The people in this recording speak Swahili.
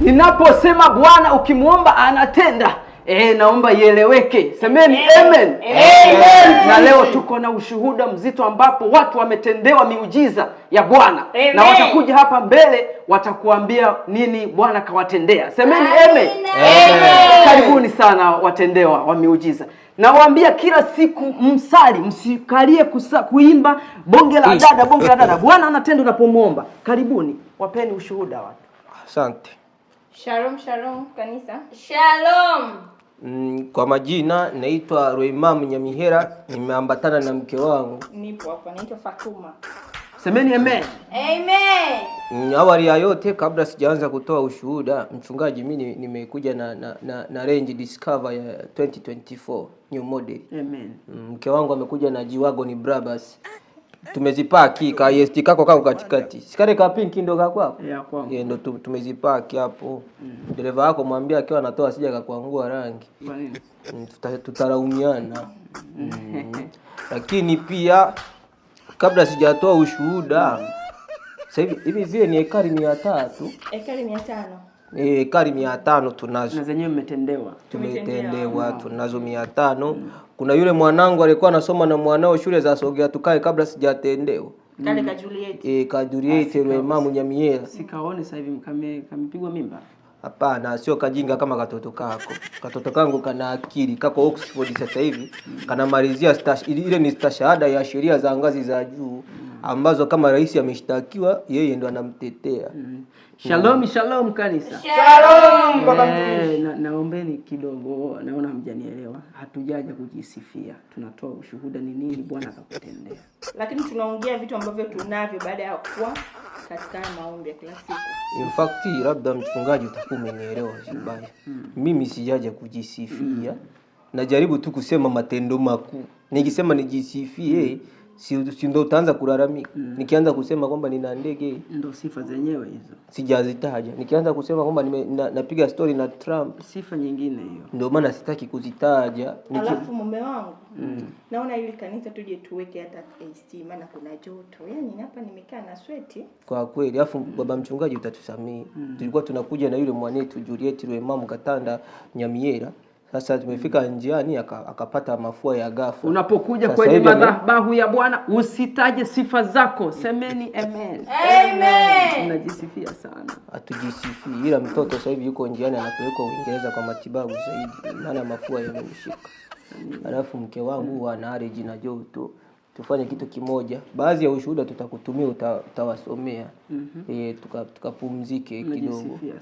Ninaposema Bwana ukimwomba anatenda. E, naomba ieleweke. Semeni amen. Amen. Na leo tuko na ushuhuda mzito ambapo watu wametendewa miujiza ya Bwana na watakuja hapa mbele watakuambia nini Bwana kawatendea. Semeni amen. Amen. Karibuni sana watendewa wa miujiza. Nawaambia kila siku msali, msikalie kuimba bonge la dada bonge la dada. Bwana anatenda unapomwomba. Karibuni, wapeni ushuhuda watu. Asante. Shalom, shalom kanisa. Shalom. Mm, kwa majina naitwa Roimam Nyamihera, nimeambatana na mke wangu. Nipo hapa, naitwa Fatuma. Semeni amen. Amen. Mm, awali ya yote kabla sijaanza kutoa ushuhuda, mchungaji, mimi nimekuja na, na, na, na Range Discover ya 2024 new model. Amen. Mm, mke wangu amekuja na G-Wagon Brabus tumezipaa ka EST kako kako katikati, sikare ka pinki ndo kako hapo yeah, yeah, ndo tumezipaki hapo mm. Dereva wako mwambie akiwa anatoa sija kakuangua rangi mm, tutaraumiana mm. mm. Lakini pia kabla sijatoa ushuhuda mm. Sasa hivi hivi vile ni ekari mia tatu ekari mia E, kari mia tano tunazo na zenyewe mmetendewa, tumetendewa tunazo mia tano mm. Kuna yule mwanangu alikuwa anasoma na mwanao shule za Sogea tukae kabla sijatendewa kale mm. ka Juliet e, ka Juliet ah, sikaone sasa hivi mkame mimba Hapana, sio kajinga kama katoto kako. Katoto kangu kana akili, kako Oxford sasa hivi, mm. kanamalizia ile ni stashahada ya sheria za ngazi za juu. Mm ambazo kama rais ameshtakiwa yeye ndo anamtetea. mm -hmm. Shalom mm. shalom kanisa. Shalom baba eh, mtumishi. E, na, naombeni kidogo, naona mjanielewa Hatujaja kujisifia, tunatoa ushuhuda ni nini Bwana akakutendea, lakini tunaongea vitu ambavyo tunavyo baada ya kuwa katika maombi ya kila In fact, labda mchungaji utakuwa umenielewa vibaya. mm -hmm. Mimi sijaja kujisifia. mm -hmm. Najaribu tu kusema matendo makuu, nikisema nijisifie mm -hmm si, si ndo utaanza kulalamika mm. Nikianza kusema kwamba nina ndege, ndo sifa zenyewe hizo, sijazitaja. Nikianza kusema kwamba na, napiga stori na Trump, sifa nyingine hiyo, ndio maana sitaki kuzitaja. Alafu mume wangu mm. naona ile kanisa tuje tuweke hata AC, maana kuna joto, yani hapa nimekaa na sweti kwa kweli. Alafu mm. baba mchungaji utatusamii mm. tulikuwa tunakuja na yule mwanetu Juliet Rwemamu Katanda Nyamiera sasa tumefika mm. njiani akapata mafua ya ghafla. Unapokuja kwenye madhabahu ya Bwana usitaje sifa zako, semeni amen. Amen. Unajisifia sana. Hatujisifii, ila mtoto sasa hivi yuko njiani anapelekwa Uingereza kwa matibabu zaidi, maana mafua yamemshika. Alafu mke wangu mm. ana allergy na joto tufanye kitu kimoja. Baadhi ya ushuhuda tutakutumia, utawasomea. mm -hmm. E, tukapumzike tuka kidogo.